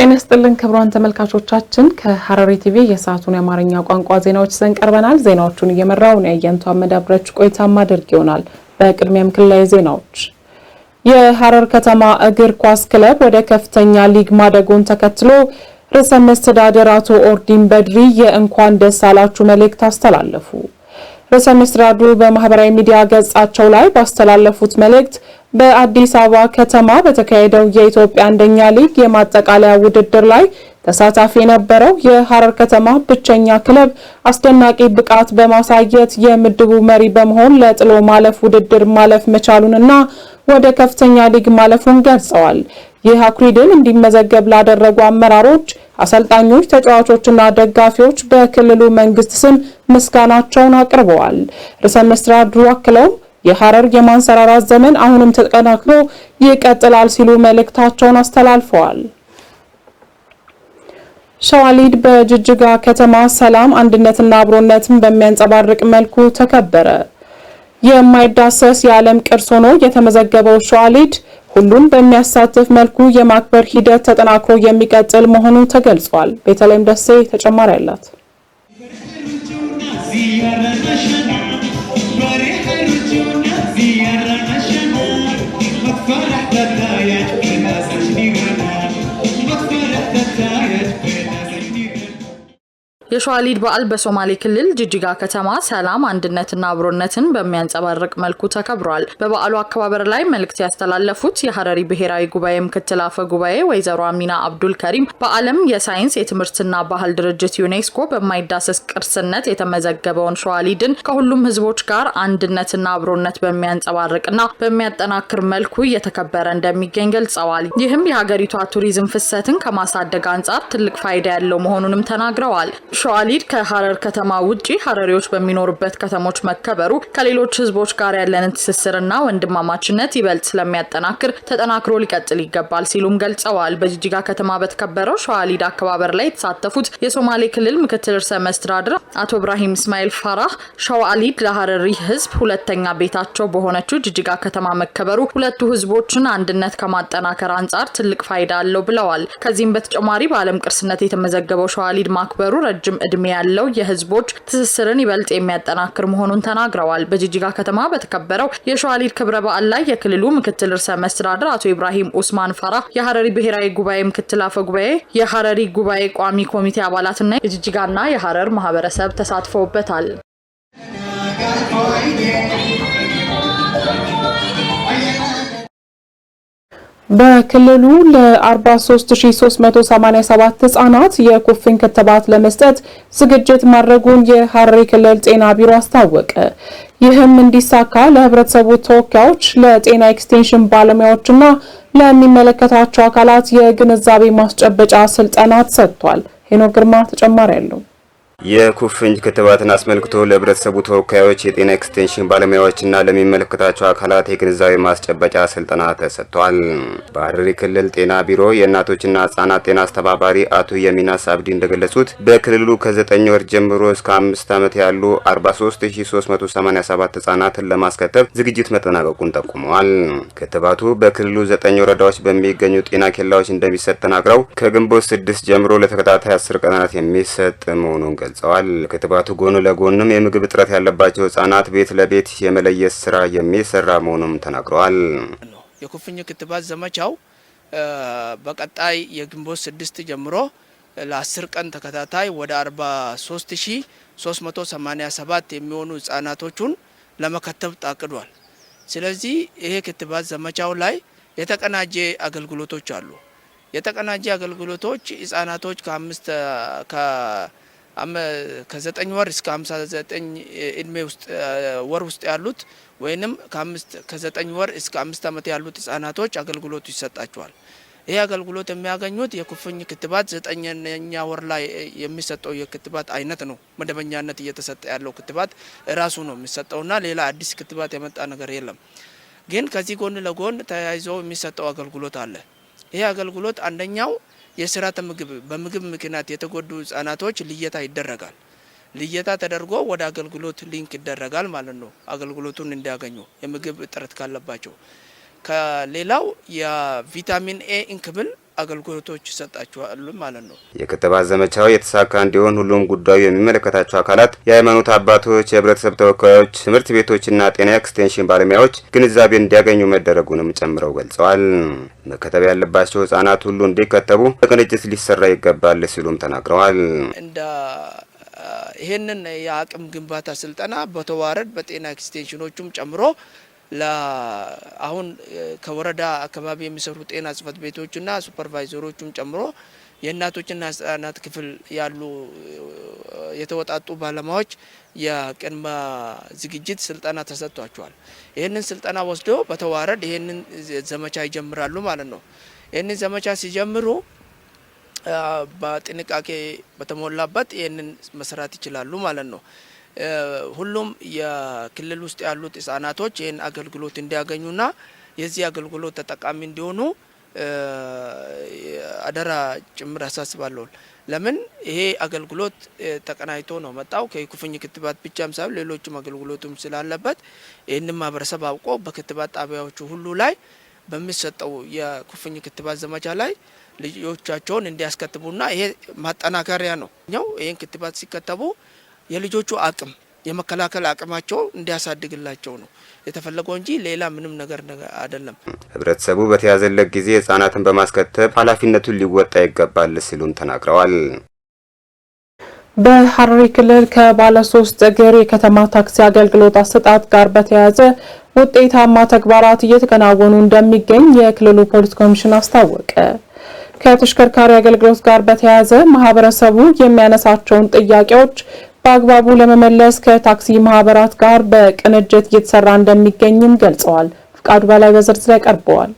ጤና ይስጥልን ክቡራን ተመልካቾቻችን፣ ከሐረሪ ቲቪ የሰዓቱን የአማርኛ ቋንቋ ዜናዎች ዘን ቀርበናል። ዜናዎቹን እየመራው ነው የየንቱ አመዳብራችሁ ቆይታ ማድረግ ይሆናል። በቅድሚያም ክልላዊ ዜናዎች። የሐረር ከተማ እግር ኳስ ክለብ ወደ ከፍተኛ ሊግ ማደጉን ተከትሎ ርዕሰ መስተዳደር አቶ ኦርዲን በድሪ የእንኳን ደስ አላችሁ መልእክት አስተላለፉ። ርዕሰ መስተዳድሩ በማህበራዊ ሚዲያ ገጻቸው ላይ ባስተላለፉት መልእክት በአዲስ አበባ ከተማ በተካሄደው የኢትዮጵያ አንደኛ ሊግ የማጠቃለያ ውድድር ላይ ተሳታፊ የነበረው የሐረር ከተማ ብቸኛ ክለብ አስደናቂ ብቃት በማሳየት የምድቡ መሪ በመሆን ለጥሎ ማለፍ ውድድር ማለፍ መቻሉንና ወደ ከፍተኛ ሊግ ማለፉን ገልጸዋል። ይህ አኩሪ ድል እንዲመዘገብ ላደረጉ አመራሮች፣ አሰልጣኞች፣ ተጫዋቾችና ደጋፊዎች በክልሉ መንግስት ስም ምስጋናቸውን አቅርበዋል። ርዕሰ መስተዳድሩ አክለውም የሐረር የማንሰራራት ዘመን አሁንም ተጠናክሮ ይቀጥላል ሲሉ መልእክታቸውን አስተላልፈዋል። ሸዋሊድ በጅጅጋ ከተማ ሰላም አንድነትና አብሮነትን በሚያንጸባርቅ መልኩ ተከበረ። የማይዳሰስ የዓለም ቅርስ ሆኖ የተመዘገበው ሸዋሊድ ሁሉን በሚያሳትፍ መልኩ የማክበር ሂደት ተጠናክሮ የሚቀጥል መሆኑ ተገልጿል። በተለይም ደሴ ተጨማሪ አላት። يا الرمشان الفرح بدأ የሸዋሊድ በዓል በሶማሌ ክልል ጅጅጋ ከተማ ሰላም፣ አንድነትና አብሮነትን በሚያንጸባርቅ መልኩ ተከብሯል። በበዓሉ አከባበር ላይ መልእክት ያስተላለፉት የሀረሪ ብሔራዊ ጉባኤ ምክትል አፈ ጉባኤ ወይዘሮ አሚና አብዱል ከሪም በዓለም የሳይንስ የትምህርትና ባህል ድርጅት ዩኔስኮ በማይዳሰስ ቅርስነት የተመዘገበውን ሸዋሊድን ከሁሉም ህዝቦች ጋር አንድነትና አብሮነት በሚያንጸባርቅና በሚያጠናክር መልኩ እየተከበረ እንደሚገኝ ገልጸዋል። ይህም የሀገሪቷ ቱሪዝም ፍሰትን ከማሳደግ አንጻር ትልቅ ፋይዳ ያለው መሆኑንም ተናግረዋል። ሸዋሊድ ከሀረር ከተማ ውጪ ሀረሪዎች በሚኖሩበት ከተሞች መከበሩ ከሌሎች ህዝቦች ጋር ያለንን ትስስርና ወንድማማችነት ይበልጥ ስለሚያጠናክር ተጠናክሮ ሊቀጥል ይገባል ሲሉም ገልጸዋል። በጅጅጋ ከተማ በተከበረው ሸዋሊድ አከባበር ላይ የተሳተፉት የሶማሌ ክልል ምክትል ርዕሰ መስተዳድር አቶ ኢብራሂም እስማኤል ፋራህ ሸዋሊድ ለሀረሪ ህዝብ ሁለተኛ ቤታቸው በሆነችው ጅጅጋ ከተማ መከበሩ ሁለቱ ህዝቦችን አንድነት ከማጠናከር አንጻር ትልቅ ፋይዳ አለው ብለዋል። ከዚህም በተጨማሪ በዓለም ቅርስነት የተመዘገበው ሸዋሊድ ማክበሩ ረጅም ረጅም እድሜ ያለው የህዝቦች ትስስርን ይበልጥ የሚያጠናክር መሆኑን ተናግረዋል። በጂጂጋ ከተማ በተከበረው የሸዋሊድ ክብረ በዓል ላይ የክልሉ ምክትል ርዕሰ መስተዳድር አቶ ኢብራሂም ኡስማን ፈራ፣ የሀረሪ ብሔራዊ ጉባኤ ምክትል አፈ ጉባኤ፣ የሀረሪ ጉባኤ ቋሚ ኮሚቴ አባላትና የጂጂጋና የሀረር ማህበረሰብ ተሳትፈውበታል። በክልሉ ለ43387 ህጻናት የኩፍኝ ክትባት ለመስጠት ዝግጅት ማድረጉን የሐረሪ ክልል ጤና ቢሮ አስታወቀ። ይህም እንዲሳካ ለህብረተሰቡ ተወካዮች፣ ለጤና ኤክስቴንሽን ባለሙያዎችና ለሚመለከታቸው አካላት የግንዛቤ ማስጨበጫ ስልጠና ተሰጥቷል። ሄኖክ ግርማ ተጨማሪ አለው። የኩፍኝ ክትባትን አስመልክቶ ለህብረተሰቡ ተወካዮች፣ የጤና ኤክስቴንሽን ባለሙያዎችና ለሚመለከታቸው አካላት የግንዛቤ ማስጨበጫ ስልጠና ተሰጥቷል። በሐረሪ ክልል ጤና ቢሮ የእናቶችና ህጻናት ጤና አስተባባሪ አቶ የሚናስ አብዲ እንደገለጹት በክልሉ ከዘጠኝ ወር ጀምሮ እስከ አምስት ዓመት ያሉ 43387 ህጻናትን ለማስከተብ ዝግጅት መጠናቀቁን ጠቁመዋል። ክትባቱ በክልሉ ዘጠኝ ወረዳዎች በሚገኙ ጤና ኬላዎች እንደሚሰጥ ተናግረው ከግንቦት ስድስት ጀምሮ ለተከታታይ አስር ቀናት የሚሰጥ መሆኑን ገልጸዋል። ክትባቱ ጎን ለጎንም የምግብ እጥረት ያለባቸው ህጻናት ቤት ለቤት የመለየት ስራ የሚሰራ መሆኑም ተናግረዋል። የኩፍኝ ክትባት ዘመቻው በቀጣይ የግንቦት ስድስት ጀምሮ ለአስር ቀን ተከታታይ ወደ ሰባት የሚሆኑ ህጻናቶቹን ለመከተብ ታቅዷል። ስለዚህ ይሄ ክትባት ዘመቻው ላይ የተቀናጀ አገልግሎቶች አሉ። የተቀናጀ አገልግሎቶች ህጻናቶች ከአምስት ከዘጠኝ ወር እስከ 59 እድሜ ውስጥ ወር ውስጥ ያሉት ወይንም ከአምስት ከዘጠኝ ወር እስከ አምስት ዓመት ያሉት ህጻናቶች አገልግሎቱ ይሰጣቸዋል። ይህ አገልግሎት የሚያገኙት የኩፍኝ ክትባት ዘጠነኛ ወር ላይ የሚሰጠው የክትባት አይነት ነው። መደበኛነት እየተሰጠ ያለው ክትባት ራሱ ነው የሚሰጠውና ሌላ አዲስ ክትባት የመጣ ነገር የለም። ግን ከዚህ ጎን ለጎን ተያይዞ የሚሰጠው አገልግሎት አለ። ይህ አገልግሎት አንደኛው የስርዓተ ምግብ በምግብ ምክንያት የተጎዱ ህጻናቶች ልየታ ይደረጋል። ልየታ ተደርጎ ወደ አገልግሎት ሊንክ ይደረጋል ማለት ነው። አገልግሎቱን እንዲያገኙ የምግብ እጥረት ካለባቸው ከሌላው የቪታሚን ኤ እንክብል አገልግሎቶች ይሰጣችኋሉ ማለት ነው። የክትባት ዘመቻው የተሳካ እንዲሆን ሁሉም ጉዳዩ የሚመለከታቸው አካላት፣ የሃይማኖት አባቶች፣ የህብረተሰብ ተወካዮች፣ ትምህርት ቤቶችና ጤና ኤክስቴንሽን ባለሙያዎች ግንዛቤ እንዲያገኙ መደረጉንም ጨምረው ገልጸዋል። መከተብ ያለባቸው ህጻናት ሁሉ እንዲከተቡ በቅንጅት ሊሰራ ይገባል ሲሉም ተናግረዋል። እንደ ይህንን የአቅም ግንባታ ስልጠና በተዋረድ በጤና ኤክስቴንሽኖቹም ጨምሮ አሁን ከወረዳ አካባቢ የሚሰሩ ጤና ጽህፈት ቤቶችና ሱፐርቫይዘሮቹም ጨምሮ የእናቶችና ህጻናት ክፍል ያሉ የተወጣጡ ባለሙያዎች የቅድመ ዝግጅት ስልጠና ተሰጥቷቸዋል። ይህንን ስልጠና ወስዶ በተዋረድ ይህንን ዘመቻ ይጀምራሉ ማለት ነው። ይህንን ዘመቻ ሲጀምሩ በጥንቃቄ በተሞላበት ይህንን መስራት ይችላሉ ማለት ነው። ሁሉም የክልል ውስጥ ያሉት ህጻናቶች ይህን አገልግሎት እንዲያገኙና የዚህ አገልግሎት ተጠቃሚ እንዲሆኑ አደራ ጭምር ያሳስባለሁ። ለምን ይሄ አገልግሎት ተቀናጅቶ ነው መጣው ከኩፍኝ ክትባት ብቻም ሳይሆን ሌሎችም አገልግሎቱም ስላለበት ይህንን ማህበረሰብ አውቆ በክትባት ጣቢያዎቹ ሁሉ ላይ በሚሰጠው የኩፍኝ ክትባት ዘመቻ ላይ ልጆቻቸውን እንዲያስከትቡና ይሄ ማጠናከሪያ ነው። ይህን ክትባት ሲከተቡ የልጆቹ አቅም የመከላከል አቅማቸው እንዲያሳድግላቸው ነው የተፈለገው እንጂ ሌላ ምንም ነገር አይደለም። ህብረተሰቡ በተያዘለት ጊዜ ህጻናትን በማስከተብ ኃላፊነቱን ሊወጣ ይገባል ሲሉም ተናግረዋል። በሐረሪ ክልል ከባለሶስት እግር የከተማ ታክሲ አገልግሎት አሰጣጥ ጋር በተያያዘ ውጤታማ ተግባራት እየተከናወኑ እንደሚገኝ የክልሉ ፖሊስ ኮሚሽን አስታወቀ። ከተሽከርካሪ አገልግሎት ጋር በተያያዘ ማህበረሰቡ የሚያነሳቸውን ጥያቄዎች በአግባቡ ለመመለስ ከታክሲ ማህበራት ጋር በቅንጅት እየተሰራ እንደሚገኝም ገልጸዋል። ፍቃዱ በላይ በዝርዝር ያቀርበዋል።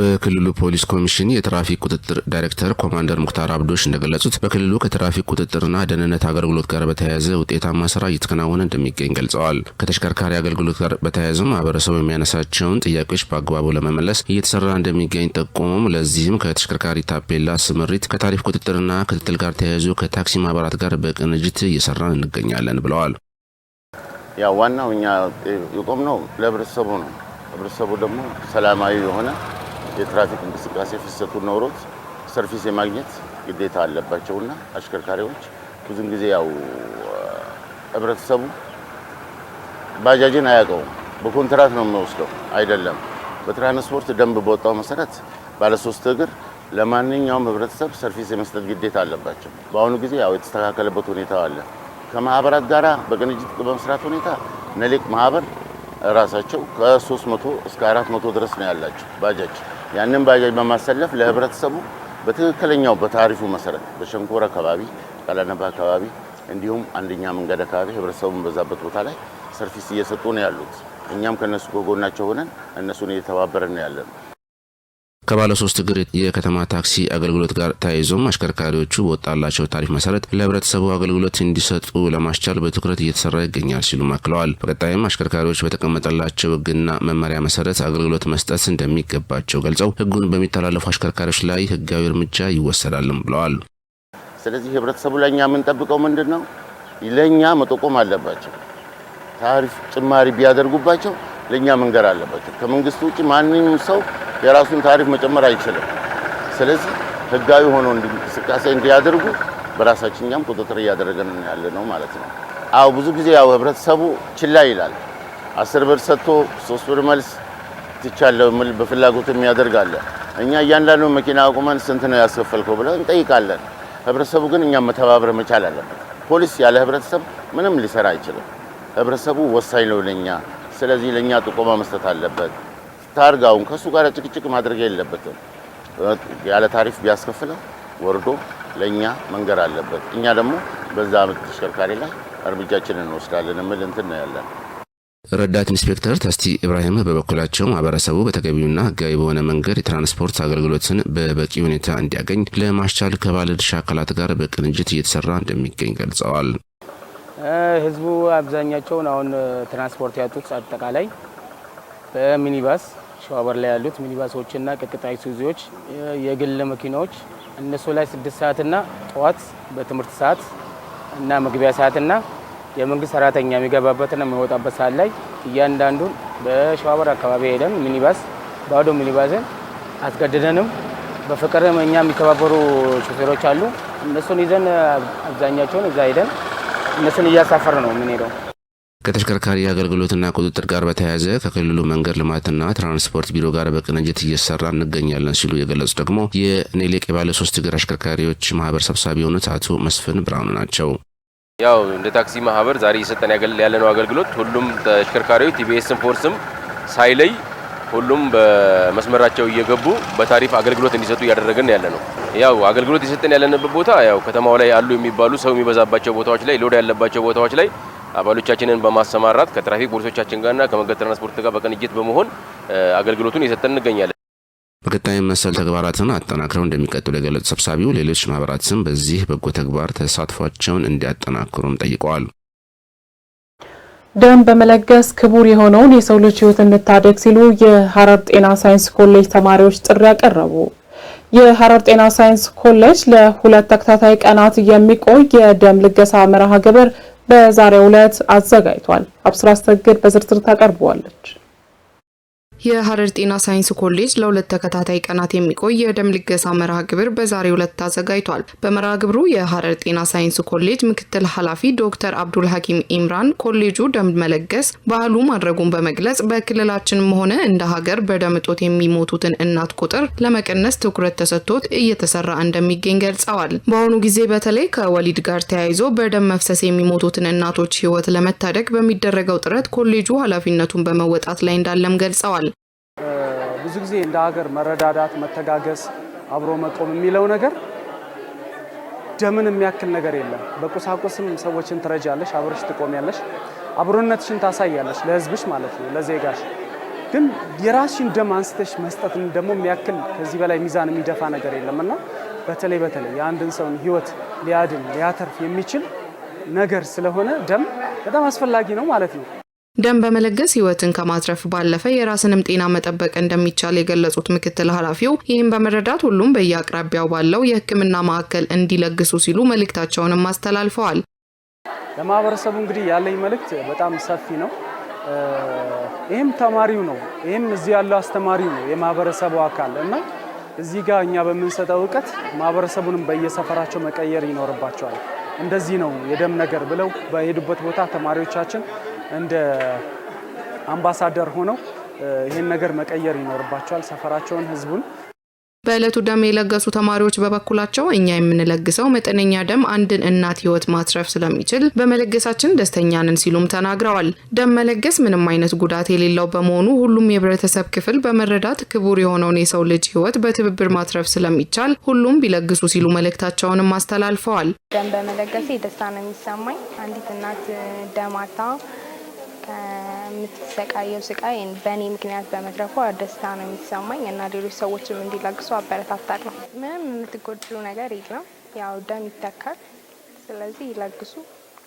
በክልሉ ፖሊስ ኮሚሽን የትራፊክ ቁጥጥር ዳይሬክተር ኮማንደር ሙክታር አብዶሽ እንደገለጹት በክልሉ ከትራፊክ ቁጥጥርና ደህንነት አገልግሎት ጋር በተያያዘ ውጤታማ ስራ እየተከናወነ እንደሚገኝ ገልጸዋል። ከተሽከርካሪ አገልግሎት ጋር በተያያዘ ማህበረሰቡ የሚያነሳቸውን ጥያቄዎች በአግባቡ ለመመለስ እየተሰራ እንደሚገኝ ጠቁሙም። ለዚህም ከተሽከርካሪ ታፔላ ስምሪት፣ ከታሪፍ ቁጥጥርና ክትትል ጋር ተያይዞ ከታክሲ ማህበራት ጋር በቅንጅት እየሰራን እንገኛለን ብለዋል። ያው ዋናው እኛ የቆምነው ለህብረተሰቡ ነው። ህብረተሰቡ ደግሞ ሰላማዊ የሆነ የትራፊክ እንቅስቃሴ ፍሰቱን ኖሮት ሰርቪስ የማግኘት ግዴታ አለባቸውና አሽከርካሪዎች ብዙን ጊዜ ያው ህብረተሰቡ ባጃጅን አያውቀውም። በኮንትራት ነው የሚወስደው አይደለም። በትራንስፖርት ደንብ በወጣው መሰረት ባለሶስት እግር ለማንኛውም ህብረተሰብ ሰርቪስ የመስጠት ግዴታ አለባቸው። በአሁኑ ጊዜ ያው የተስተካከለበት ሁኔታ አለ። ከማህበራት ጋር በቅንጅት በመስራት ሁኔታ ነሌቅ ማህበር ራሳቸው ከ300 እስከ 400 ድረስ ነው ያላቸው ባጃጅ ያንን ባጃጅ በማሰለፍ ለህብረተሰቡ በትክክለኛው በታሪፉ መሰረት በሸንኮር አካባቢ፣ ቀለነባ አካባቢ እንዲሁም አንደኛ መንገድ አካባቢ ህብረተሰቡ በዛበት ቦታ ላይ ሰርቪስ እየሰጡ ነው ያሉት። እኛም ከነሱ ከጎናቸው ሆነን እነሱን እየተባበረን ነው ያለነው። ከባለ ሶስት እግር የከተማ ታክሲ አገልግሎት ጋር ተያይዞም አሽከርካሪዎቹ በወጣላቸው ታሪፍ መሰረት ለህብረተሰቡ አገልግሎት እንዲሰጡ ለማስቻል በትኩረት እየተሰራ ይገኛል ሲሉ አክለዋል። በቀጣይም አሽከርካሪዎች በተቀመጠላቸው ህግና መመሪያ መሰረት አገልግሎት መስጠት እንደሚገባቸው ገልጸው ህጉን በሚተላለፉ አሽከርካሪዎች ላይ ህጋዊ እርምጃ ይወሰዳልም ብለዋል። ስለዚህ ህብረተሰቡ ለእኛ የምንጠብቀው ምንድን ነው? ለእኛ መጠቆም አለባቸው። ታሪፍ ጭማሪ ቢያደርጉባቸው ለእኛ መንገር አለባቸው። ከመንግስት ውጭ ማንም ሰው የራሱን ታሪፍ መጨመር አይችልም። ስለዚህ ህጋዊ ሆኖ እንቅስቃሴ እንዲያደርጉ በራሳችን እኛም ቁጥጥር እያደረገን ያለ ነው ማለት ነው። አዎ ብዙ ጊዜ ያው ህብረተሰቡ ችላ ይላል። አስር ብር ሰጥቶ ሶስት ብር መልስ ትቻለሁ የሚል በፍላጎት የሚያደርጋለ። እኛ እያንዳንዱ መኪና አቁመን ስንት ነው ያስከፈልከው ብለን እንጠይቃለን። ህብረተሰቡ ግን እኛም መተባበር መቻል አለበት። ፖሊስ ያለ ህብረተሰብ ምንም ሊሰራ አይችልም። ህብረተሰቡ ወሳኝ ነው ለኛ። ስለዚህ ለእኛ ጥቆማ መስጠት አለበት። ታርጋውን ከእሱ ጋር ጭቅጭቅ ማድረግ የለበትም። ያለ ታሪፍ ቢያስከፍለው ወርዶ ለእኛ መንገር አለበት። እኛ ደግሞ በዛ ዓመት ተሽከርካሪ ላይ እርምጃችን እንወስዳለን የምል እንትን ነው ያለን። ረዳት ኢንስፔክተር ተስቲ ኢብራሂም በበኩላቸው ማህበረሰቡ በተገቢውና ህጋዊ በሆነ መንገድ የትራንስፖርት አገልግሎትን በበቂ ሁኔታ እንዲያገኝ ለማስቻል ከባለድርሻ አካላት ጋር በቅንጅት እየተሰራ እንደሚገኝ ገልጸዋል። ህዝቡ አብዛኛቸውን አሁን ትራንስፖርት ያጡት አጠቃላይ በሚኒባስ ሸዋበር ላይ ያሉት ሚኒባሶችና ቅጥቅጣ ሱዚዎች፣ የግል መኪናዎች እነሱ ላይ ስድስት ሰዓትና ጠዋት በትምህርት ሰዓት እና መግቢያ ሰዓትና የመንግስት ሰራተኛ የሚገባበትና የሚወጣበት ሰዓት ላይ እያንዳንዱን በሸዋበር አካባቢ ሄደን ሚኒባስ ባዶ ሚኒባስን አስገድደንም በፍቅር እኛ የሚከባበሩ ሾፌሮች አሉ። እነሱን ይዘን አብዛኛቸውን እዛ ሄደን እነሱን እያሳፈር ነው የምንሄደው። ከተሽከርካሪ አገልግሎትና ቁጥጥር ጋር በተያያዘ ከክልሉ መንገድ ልማትና ትራንስፖርት ቢሮ ጋር በቅንጅት እየሰራ እንገኛለን ሲሉ የገለጹ ደግሞ የኔሌቅ የባለ ሶስት እግር አሽከርካሪዎች ማህበር ሰብሳቢ የሆኑት አቶ መስፍን ብርሃኑ ናቸው። ያው እንደ ታክሲ ማህበር ዛሬ እየሰጠን ያለነው አገልግሎት ሁሉም ተሽከርካሪዎች ቲቢኤስም ፎርስም ሳይለይ ሁሉም በመስመራቸው እየገቡ በታሪፍ አገልግሎት እንዲሰጡ እያደረግን ያለ ነው። ያው አገልግሎት እየሰጠን ያለንበት ቦታ ያው ከተማው ላይ አሉ የሚባሉ ሰው የሚበዛባቸው ቦታዎች ላይ ሎድ ያለባቸው ቦታዎች ላይ አባሎቻችንን በማሰማራት ከትራፊክ ፖሊሶቻችን ጋርና ከመንገድ ትራንስፖርት ጋር በቅንጅት በመሆን አገልግሎቱን እየሰጠን እንገኛለን። በቀጣይ መሰል ተግባራትን አጠናክረው እንደሚቀጥሉ የገለጹ ሰብሳቢው ሌሎች ማህበራትም በዚህ በጎ ተግባር ተሳትፏቸውን እንዲያጠናክሩም ጠይቀዋል። ደም በመለገስ ክቡር የሆነውን የሰው ልጅ ህይወት እንታደግ ሲሉ የሀረር ጤና ሳይንስ ኮሌጅ ተማሪዎች ጥሪ አቀረቡ። የሀረር ጤና ሳይንስ ኮሌጅ ለሁለት ተከታታይ ቀናት የሚቆይ የደም ልገሳ መርሃ ግብር በዛሬው ዕለት አዘጋጅቷል። አብስራ አስተግድ በዝርዝር ታቀርበዋለች። የሀረር ጤና ሳይንስ ኮሌጅ ለሁለት ተከታታይ ቀናት የሚቆይ የደም ልገሳ መርሃ ግብር በዛሬው ዕለት አዘጋጅቷል። በመርሃ ግብሩ የሀረር ጤና ሳይንስ ኮሌጅ ምክትል ኃላፊ ዶክተር አብዱል ሀኪም ኢምራን ኮሌጁ ደም መለገስ ባህሉ ማድረጉን በመግለጽ በክልላችንም ሆነ እንደ ሀገር በደም እጦት የሚሞቱትን እናት ቁጥር ለመቀነስ ትኩረት ተሰጥቶት እየተሰራ እንደሚገኝ ገልጸዋል። በአሁኑ ጊዜ በተለይ ከወሊድ ጋር ተያይዞ በደም መፍሰስ የሚሞቱትን እናቶች ህይወት ለመታደግ በሚደረገው ጥረት ኮሌጁ ኃላፊነቱን በመወጣት ላይ እንዳለም ገልጸዋል። ብዙ ጊዜ እንደ ሀገር መረዳዳት፣ መተጋገዝ፣ አብሮ መቆም የሚለው ነገር ደምን የሚያክል ነገር የለም። በቁሳቁስም ሰዎችን ትረጃለሽ፣ አብረሽ ትቆሚያለሽ፣ አብሮነትሽን ታሳያለሽ፣ ለህዝብሽ ማለት ነው፣ ለዜጋሽ። ግን የራስሽን ደም አንስተሽ መስጠትን ደግሞ የሚያክል ከዚህ በላይ ሚዛን የሚደፋ ነገር የለም እና በተለይ በተለይ የአንድን ሰውን ህይወት ሊያድን ሊያተርፍ የሚችል ነገር ስለሆነ ደም በጣም አስፈላጊ ነው ማለት ነው። ደም በመለገስ ህይወትን ከማትረፍ ባለፈ የራስንም ጤና መጠበቅ እንደሚቻል የገለጹት ምክትል ኃላፊው ይህም በመረዳት ሁሉም በየአቅራቢያው ባለው የህክምና ማዕከል እንዲለግሱ ሲሉ መልእክታቸውንም አስተላልፈዋል። ለማህበረሰቡ እንግዲህ ያለኝ መልእክት በጣም ሰፊ ነው። ይህም ተማሪው ነው፣ ይህም እዚህ ያለው አስተማሪው ነው የማህበረሰቡ አካል እና እዚህ ጋር እኛ በምንሰጠው እውቀት ማህበረሰቡንም በየሰፈራቸው መቀየር ይኖርባቸዋል። እንደዚህ ነው የደም ነገር ብለው በሄዱበት ቦታ ተማሪዎቻችን እንደ አምባሳደር ሆነው ይህን ነገር መቀየር ይኖርባቸዋል። ሰፈራቸውን፣ ህዝቡን በዕለቱ ደም የለገሱ ተማሪዎች በበኩላቸው እኛ የምንለግሰው መጠነኛ ደም አንድን እናት ህይወት ማትረፍ ስለሚችል በመለገሳችን ደስተኛንን ሲሉም ተናግረዋል። ደም መለገስ ምንም አይነት ጉዳት የሌለው በመሆኑ ሁሉም የህብረተሰብ ክፍል በመረዳት ክቡር የሆነውን የሰው ልጅ ህይወት በትብብር ማትረፍ ስለሚቻል ሁሉም ቢለግሱ ሲሉ መልእክታቸውንም አስተላልፈዋል። ደም በመለገሴ ደስታ ነው የሚሰማኝ። አንዲት እናት ደማታ የምትሰቃየው ስቃይ በእኔ ምክንያት በመድረኩ ደስታ ነው የሚሰማኝ እና ሌሎች ሰዎችም እንዲለግሱ አበረታታለሁ። ምንም የምትጎድሉ ነገር የለም። ያው ደም ይተካል። ስለዚህ ይለግሱ፣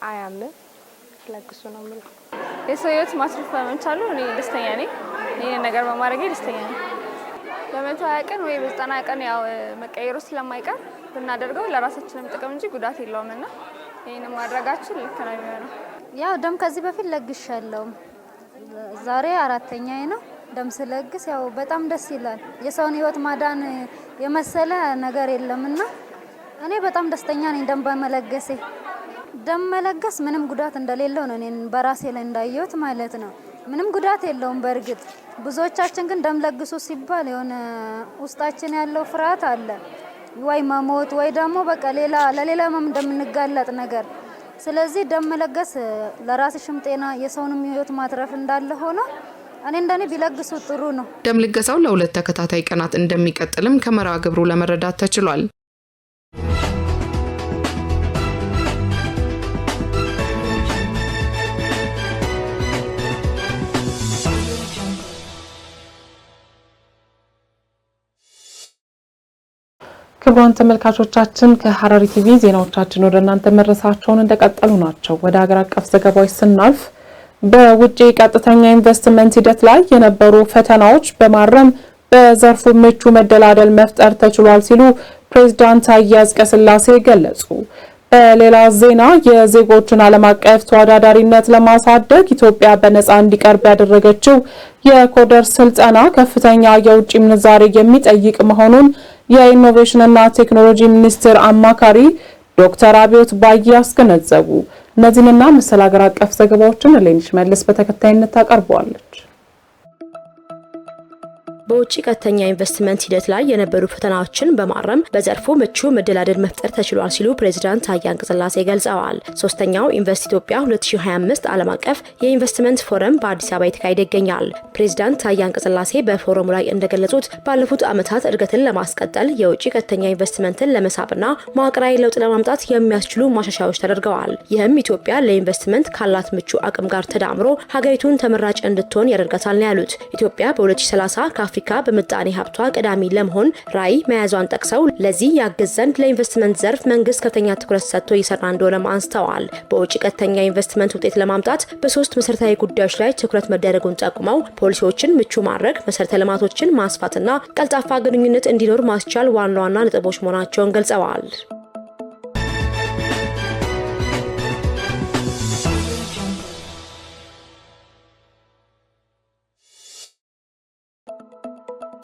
አያምም፣ ይለግሱ ነው የምለው። የሰው ህይወት ማስረፍ በመቻሉ እኔ ደስተኛ ነኝ። ይህን ነገር በማድረጌ ደስተኛ ነኝ። በመቶ ሀያ ቀን ወይ በዘጠና ቀን ያው መቀየሩ ስለማይቀር ብናደርገው ለራሳችንም ጥቅም እንጂ ጉዳት የለውም እና ይህን ማድረጋችን ልክ ነው የሚሆነው። ያው ደም ከዚህ በፊት ለግሽ ያለውም ዛሬ አራተኛዬ ነው። ደም ስለግስ ያው በጣም ደስ ይላል። የሰውን ህይወት ማዳን የመሰለ ነገር የለምና እኔ በጣም ደስተኛ ነኝ ደም በመለገሴ። ደም መለገስ ምንም ጉዳት እንደሌለው ነው እኔን በራሴ ላይ እንዳየሁት ማለት ነው። ምንም ጉዳት የለውም። በእርግጥ ብዙዎቻችን ግን ደም ለግሱ ሲባል የሆነ ውስጣችን ያለው ፍርሃት አለ ወይ መሞት ወይ ደግሞ በቃ ሌላ ለሌላ እንደምንጋለጥ ነገር ስለዚህ ደም መለገስ ለራስሽም ጤና የሰውንም ህይወት ማትረፍ እንዳለ ሆኖ እኔ እንደኔ ቢለግሱ ጥሩ ነው። ደም ልገሳው ለሁለት ተከታታይ ቀናት እንደሚቀጥልም ከመርሃ ግብሩ ለመረዳት ተችሏል። ክቡራን ተመልካቾቻችን ከሐረሪ ቲቪ ዜናዎቻችን ወደ እናንተ መድረሳቸውን እንደቀጠሉ ናቸው። ወደ ሀገር አቀፍ ዘገባዎች ስናልፍ በውጭ ቀጥተኛ ኢንቨስትመንት ሂደት ላይ የነበሩ ፈተናዎች በማረም በዘርፉ ምቹ መደላደል መፍጠር ተችሏል ሲሉ ፕሬዚዳንት አያዝ ቀስላሴ ገለጹ። በሌላ ዜና የዜጎችን ዓለም አቀፍ ተወዳዳሪነት ለማሳደግ ኢትዮጵያ በነፃ እንዲቀርብ ያደረገችው የኮደር ስልጠና ከፍተኛ የውጭ ምንዛሬ የሚጠይቅ መሆኑን የኢኖቬሽንና ቴክኖሎጂ ሚኒስቴር አማካሪ ዶክተር አብዮት ባይ አስገነዘቡ። እነዚህንና መሰል ሀገር አቀፍ ዘገባዎችን ሌንሽ መልስ በተከታይነት ታቀርበዋለች። በውጭ ቀጥተኛ ኢንቨስትመንት ሂደት ላይ የነበሩ ፈተናዎችን በማረም በዘርፉ ምቹ መደላደል መፍጠር ተችሏል ሲሉ ፕሬዚዳንት ታዬ አጽቀሥላሴ ገልጸዋል። ሶስተኛው ኢንቨስት ኢትዮጵያ 2025 ዓለም አቀፍ የኢንቨስትመንት ፎረም በአዲስ አበባ የተካሄደ ይገኛል። ፕሬዚዳንት ታዬ አጽቀሥላሴ በፎረሙ ላይ እንደገለጹት ባለፉት ዓመታት እድገትን ለማስቀጠል የውጭ ቀጥተኛ ኢንቨስትመንትን ለመሳብና መዋቅራዊ ለውጥ ለማምጣት የሚያስችሉ ማሻሻያዎች ተደርገዋል። ይህም ኢትዮጵያ ለኢንቨስትመንት ካላት ምቹ አቅም ጋር ተዳምሮ ሀገሪቱን ተመራጭ እንድትሆን ያደርጋታል ነው ያሉት። ኢትዮጵያ በ2030 አፍሪካ በምጣኔ ሀብቷ ቀዳሚ ለመሆን ራዕይ መያዟን ጠቅሰው ለዚህ ያግዝ ዘንድ ለኢንቨስትመንት ዘርፍ መንግስት ከፍተኛ ትኩረት ሰጥቶ እየሰራ እንደሆነም አንስተዋል። በውጭ ቀጥተኛ ኢንቨስትመንት ውጤት ለማምጣት በሶስት መሰረታዊ ጉዳዮች ላይ ትኩረት መደረጉን ጠቁመው ፖሊሲዎችን ምቹ ማድረግ፣ መሰረተ ልማቶችን ማስፋትና ቀልጣፋ ግንኙነት እንዲኖር ማስቻል ዋና ዋና ነጥቦች መሆናቸውን ገልጸዋል።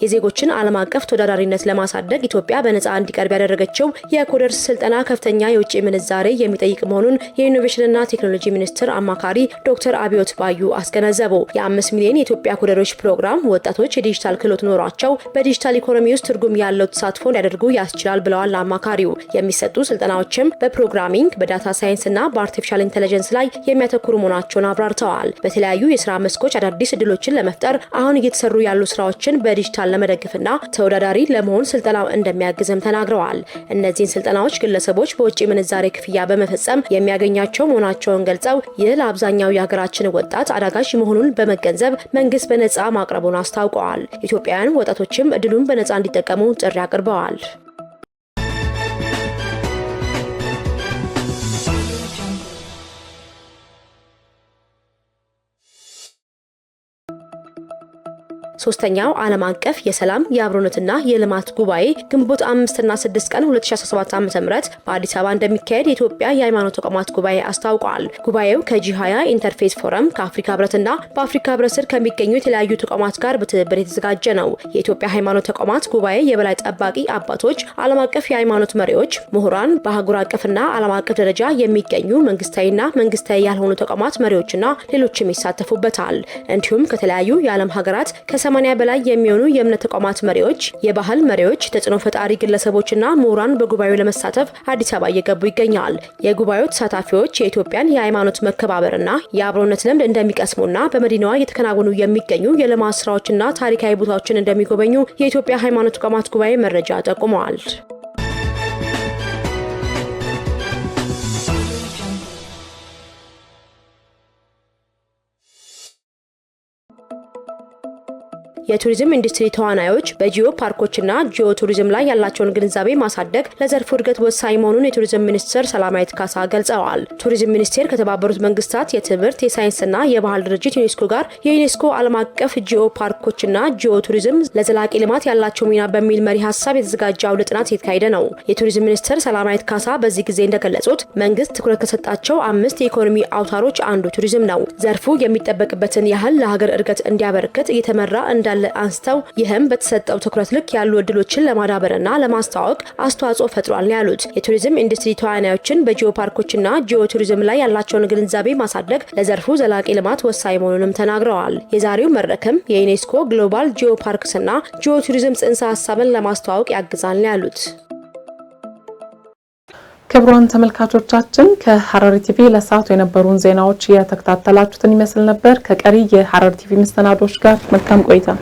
የዜጎችን ዓለም አቀፍ ተወዳዳሪነት ለማሳደግ ኢትዮጵያ በነጻ እንዲቀርብ ያደረገችው የኮደርስ ስልጠና ከፍተኛ የውጭ ምንዛሬ የሚጠይቅ መሆኑን የኢኖቬሽንና ቴክኖሎጂ ሚኒስትር አማካሪ ዶክተር አብዮት ባዩ አስገነዘቡ። የአምስት ሚሊዮን የኢትዮጵያ ኮደሮች ፕሮግራም ወጣቶች የዲጂታል ክህሎት ኖሯቸው በዲጂታል ኢኮኖሚ ውስጥ ትርጉም ያለው ተሳትፎ እንዲያደርጉ ያስችላል ብለዋል አማካሪው። የሚሰጡ ስልጠናዎችም በፕሮግራሚንግ በዳታ ሳይንስ እና በአርቲፊሻል ኢንቴለጀንስ ላይ የሚያተኩሩ መሆናቸውን አብራርተዋል። በተለያዩ የስራ መስኮች አዳዲስ እድሎችን ለመፍጠር አሁን እየተሰሩ ያሉ ስራዎችን በዲጂታል ለመደገፍና ተወዳዳሪ ለመሆን ስልጠና እንደሚያግዝም ተናግረዋል። እነዚህን ስልጠናዎች ግለሰቦች በውጭ ምንዛሬ ክፍያ በመፈጸም የሚያገኛቸው መሆናቸውን ገልጸው ይህ ለአብዛኛው የሀገራችን ወጣት አዳጋች መሆኑን በመገንዘብ መንግስት በነጻ ማቅረቡን አስታውቀዋል። ኢትዮጵያውያን ወጣቶችም እድሉን በነጻ እንዲጠቀሙ ጥሪ አቅርበዋል። ሶስተኛው ዓለም አቀፍ የሰላም የአብሮነትና የልማት ጉባኤ ግንቦት አምስትና ስድስት ቀን 2017 ዓ ም በአዲስ አበባ እንደሚካሄድ የኢትዮጵያ የሃይማኖት ተቋማት ጉባኤ አስታውቋል። ጉባኤው ከጂ 20 ኢንተርፌስ ፎረም ከአፍሪካ ህብረትና በአፍሪካ ህብረት ስር ከሚገኙ የተለያዩ ተቋማት ጋር በትብብር የተዘጋጀ ነው። የኢትዮጵያ ሃይማኖት ተቋማት ጉባኤ የበላይ ጠባቂ አባቶች፣ ዓለም አቀፍ የሃይማኖት መሪዎች፣ ምሁራን፣ በአህጉር አቀፍና ዓለም አቀፍ ደረጃ የሚገኙ መንግስታዊና መንግስታዊ ያልሆኑ ተቋማት መሪዎችና ሌሎችም ይሳተፉበታል። እንዲሁም ከተለያዩ የዓለም ሀገራት ከሰማኒያ በላይ የሚሆኑ የእምነት ተቋማት መሪዎች፣ የባህል መሪዎች፣ ተጽዕኖ ፈጣሪ ግለሰቦችና ምሁራን በጉባኤው ለመሳተፍ አዲስ አበባ እየገቡ ይገኛል። የጉባኤው ተሳታፊዎች የኢትዮጵያን የሃይማኖት መከባበርና የአብሮነት ልምድ እንደሚቀስሙና በመዲናዋ እየተከናወኑ የሚገኙ የልማት ስራዎችና ታሪካዊ ቦታዎችን እንደሚጎበኙ የኢትዮጵያ ሃይማኖት ተቋማት ጉባኤ መረጃ ጠቁመዋል። የቱሪዝም ኢንዱስትሪ ተዋናዮች በጂኦ ፓርኮችና ጂኦ ቱሪዝም ላይ ያላቸውን ግንዛቤ ማሳደግ ለዘርፉ እድገት ወሳኝ መሆኑን የቱሪዝም ሚኒስትር ሰላማዊት ካሳ ገልጸዋል። ቱሪዝም ሚኒስቴር ከተባበሩት መንግስታት የትምህርት የሳይንስና የባህል ድርጅት ዩኔስኮ ጋር የዩኔስኮ ዓለም አቀፍ ጂኦ ፓርኮችና ጂኦ ቱሪዝም ለዘላቂ ልማት ያላቸው ሚና በሚል መሪ ሀሳብ የተዘጋጀ አውደ ጥናት የተካሄደ ነው። የቱሪዝም ሚኒስትር ሰላማዊት ካሳ በዚህ ጊዜ እንደገለጹት መንግስት ትኩረት ከሰጣቸው አምስት የኢኮኖሚ አውታሮች አንዱ ቱሪዝም ነው። ዘርፉ የሚጠበቅበትን ያህል ለሀገር እድገት እንዲያበረክት እየተመራ እንዳ እንዳለ አንስተው ይህም በተሰጠው ትኩረት ልክ ያሉ እድሎችን ለማዳበርና ለማስተዋወቅ አስተዋጽኦ ፈጥሯል ያሉት የቱሪዝም ኢንዱስትሪ ተዋናዮችን በጂኦ ፓርኮችና ጂኦ ቱሪዝም ላይ ያላቸውን ግንዛቤ ማሳደግ ለዘርፉ ዘላቂ ልማት ወሳኝ መሆኑንም ተናግረዋል። የዛሬው መድረክም የዩኔስኮ ግሎባል ጂኦ ፓርክስና ጂኦ ቱሪዝም ጽንሰ ሀሳብን ለማስተዋወቅ ያግዛል ያሉት ክቡራን ተመልካቾቻችን ከሐረሪ ቲቪ ለሰዓቱ የነበሩን ዜናዎች የተከታተላችሁትን ይመስል ነበር። ከቀሪ የሐረሪ ቲቪ መሰናዶች ጋር መልካም ቆይታ